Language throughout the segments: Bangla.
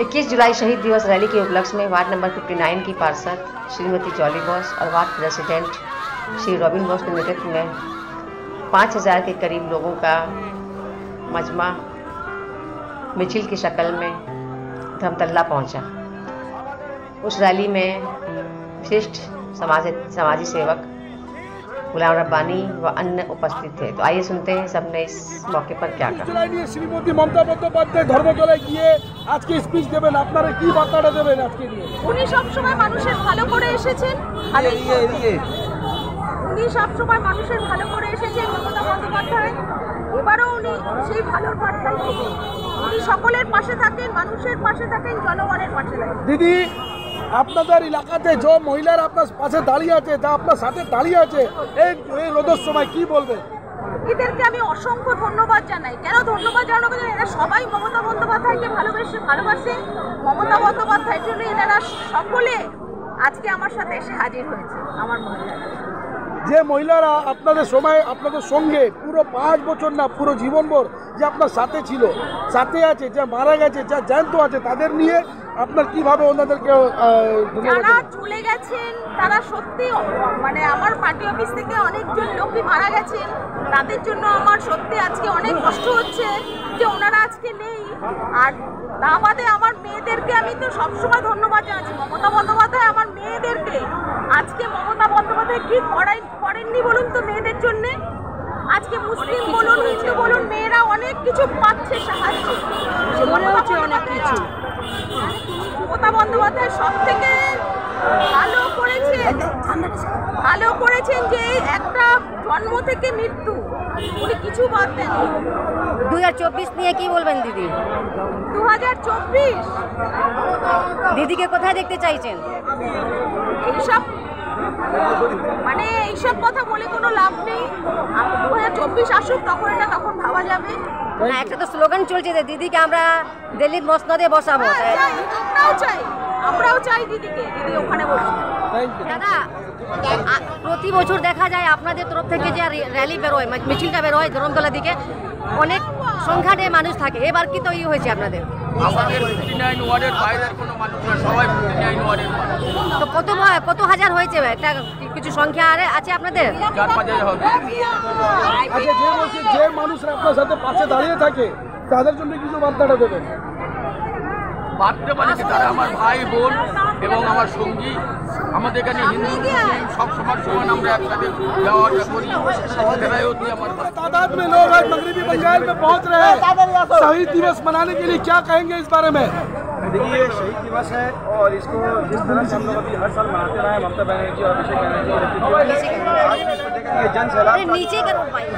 21 जुलाई शहीद दिवस रैली के उपलक्ष्य में वार्ड नंबर 59 की पार्षद श्रीमती जॉली बॉस और वार्ड प्रेसिडेंट श्री रॉबिन बॉस के नेतृत्व में 5000 के करीब लोगों का मजमा मिचिल की शक्ल में धमतल्ला पहुंचा। उस रैली में विशिष्ट समाज समाजी सेवक गुलाम रब्बानी व अन्य उपस्थित थे तो आइए सुनते हैं सबने इस मौके पर क्या कहा শ্রীমতী মমতা বন্দ্যোপাধ্যায় ধর্মতলায় গিয়ে আজকে স্পিচ দেবেন আপনারা কি বার্তাটা দেবেন আজকে নিয়ে উনি সবসময় মানুষের ভালো করে এসেছেন আর উনি সবসময় মানুষের ভালো করে এসেছেন মমতা বন্দ্যোপাধ্যায় এবারেও উনি সেই ভালোর বার্তাই উনি সকলের পাশে থাকেন মানুষের পাশে থাকেন জনগণের পাশে থাকেন দিদি আপনাদের এলাকাতে যে মহিলার আপনার পাশে দাঁড়িয়ে আছে যা আপনার সাথে দাঁড়িয়ে আছে এই রোদের সময় কি বলবে এদেরকে আমি অসংখ্য ধন্যবাদ জানাই কেন ধন্যবাদ জানাবো এরা সবাই মমতা বন্দ্যোপাধ্যায়কে ভালোবেসে ভালোবাসে মমতা বন্দ্যোপাধ্যায়ের জন্য এনারা সকলে আজকে আমার সাথে এসে হাজির হয়েছে আমার মহিলারা যে মহিলারা আপনাদের সময় আপনাদের সঙ্গে পুরো পাঁচ বছর না পুরো জীবনভর যে আপনার সাথে ছিল সাথে আছে যা মারা গেছে যা জ্যান্ত আছে তাদের নিয়ে আপনার কিভাবে ওনাদেরকে যারা চলে গেছেন তারা সত্যি মানে আমার পার্টি অফিস থেকে অনেকজন লোকই মারা গেছেন তাদের জন্য আমার সত্যি আজকে অনেক কষ্ট হচ্ছে যে ওনারা আজকে নেই আর তা বাদে আমার মেয়েদেরকে আমি তো সবসময় ধন্যবাদ জানাচ্ছি মমতা বন্দ্যোপাধ্যায় আমার মেয়েদেরকে আজকে মমতা বন্দ্যোপাধ্যায় কি করাই করেননি বলুন তো মেয়েদের জন্যে আজকে মুসলিম বলুন হিন্দু বলুন মেয়েরা অনেক কিছু পাচ্ছে সাহায্য মনে হচ্ছে অনেক কিছু মমতা বন্দ্যোপাধ্যায় সব থেকে ভালো করেছেন ভালো করেছেন যে একটা জন্ম থেকে মৃত্যু উনি কিছু বলতেন দেন দু নিয়ে কি বলবেন দিদি দু দিদিকে কোথায় দেখতে চাইছেন এইসব মানে এইসব কথা বলে কোনো লাভ নেই দু হাজার চব্বিশ আসুক তখন এটা তখন ভাবা যাবে একটা তো স্লোগান চলছে যে দিদিকে আমরা দিল্লির মসনদে বসাবো হ্যাঁ, চাই দাদা প্রতি বছর দেখা যায় আপনাদের তরফ থেকে যে র্যালি বেরোয় মানে মিছিলটা বেরোয় ধরমতলা দিকে অনেক সংখ্যাটে মানুষ থাকে এবার কি তো ইয়ে হয়েছে আপনাদের তো কত কত হাজার হয়েছে একটা কিছু সংখ্যা আছে আছে আপনাদের যার কাছে যে যে মানুষ আপনার সাথে পাশে দাঁড়িয়ে থাকে তারার জন্য কিছু বার্তাটা দেবেন বার্তা মানে কি করে আমার ভাই বোন এবং আমার সঙ্গী আমাদের গানি হিন্দু এই সব সবার সমান আমরা একসাথে দাওয়াটা করি আমাদের সাদাদ মে লোর বাগ مغربی ময়দানে পৌঁছ रहे हैं सही तिरस मनाने के लिए क्या कहेंगे इस बारे में देखिए शहीद दिवस है और इसको जिस तरह से हम लोग अभी हर साल मनाते रहे ममता बनर्जी और अभिषेक बनर्जी जन सैलाब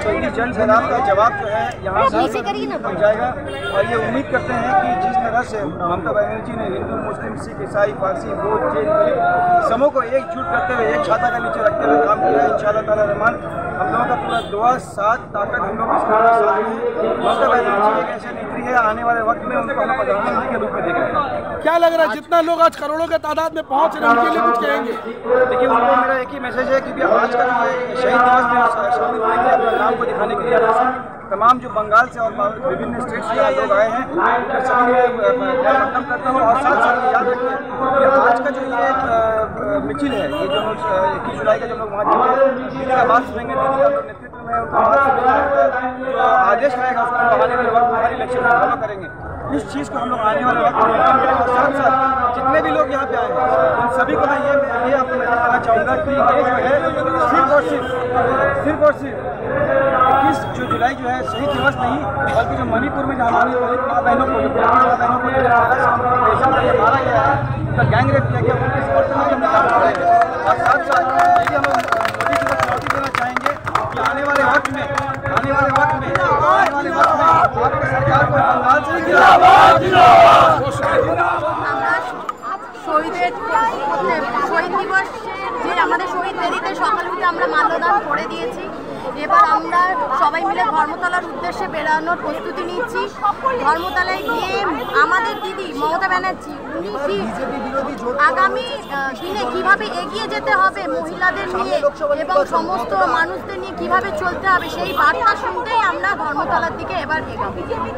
तो ये जन सैलाब का जवाब जो है यहाँ से जाएगा और ये उम्मीद करते हैं कि जिस तरह से ममता बनर्जी ने हिंदू मुस्लिम सिख ईसाई फारसी बौद्ध जैन समूह को एकजुट करते हुए एक छाता का नीचे रखते हुए काम किया है इन शाह रहमान हम लोगों का पूरा दुआ साथ ताकत हम लोग ममता बनर्जी एक ऐसे नेत्री है आने वाले वक्त में उनको हम प्रधानमंत्री के रूप में देखेंगे क्या लग रहा है जितना लोग आज करोड़ों के तादाद में पहुंच रहे हैं उनके लिए कुछ कहेंगे देखिए उनको मेरा एक ही मैसेज है क्योंकि आज का शहीद दिवस में शामिल होने के लिए अपने नाम को दिखाने के लिए तमाम जो बंगाल से और विभिन्न स्टेट से लोग आए हैं सभी मैं करता हूँ और साथ साथ याद रखें आज का जो ये मिचिल है ये जो इक्कीस जुलाई का जो लोग वहाँ जीते बात सुनेंगे तो नेतृत्व में उनका तो आदेश आएगा उसको बहाने वाले वक्त हमारे इलेक्शन में फॉलो करेंगे इस चीज़ को हम लोग आने वाले वक्त और साथ साथ जितने भी लोग यहाँ पे आए हैं उन सभी को मैं ये ये आपको कहना चाहूँगा कि ये जो है सिर्फ और सिर्फ सिर्फ और सिर्फ छब्बीस जो जुलाई जो है शहीद दिवस नहीं बल्कि जो मणिपुर में जहाँ हमारी बहनों को बहनों को मारा गया है उनका गैंग रेप किया गया उनके समर्थन में और साथ साथ यही हम मोदी जी को चुनौती देना चाहेंगे कि आने वाले वक्त में आने वाले वक्त में आने वाले वक्त में आपकी सरकार को बंगाल से আমরা সবাই মিলে ধর্মতলার উদ্দেশ্যে বেড়ানোর প্রস্তুতি নিচ্ছি ধর্মতলায় গিয়ে আমাদের দিদি মমতা ব্যানার্জি উনি আগামী দিনে কিভাবে এগিয়ে যেতে হবে মহিলাদের নিয়ে এবং সমস্ত মানুষদের নিয়ে কিভাবে চলতে হবে সেই বার্তা শুনতেই আমরা ধর্মতলার দিকে এবার এগাবো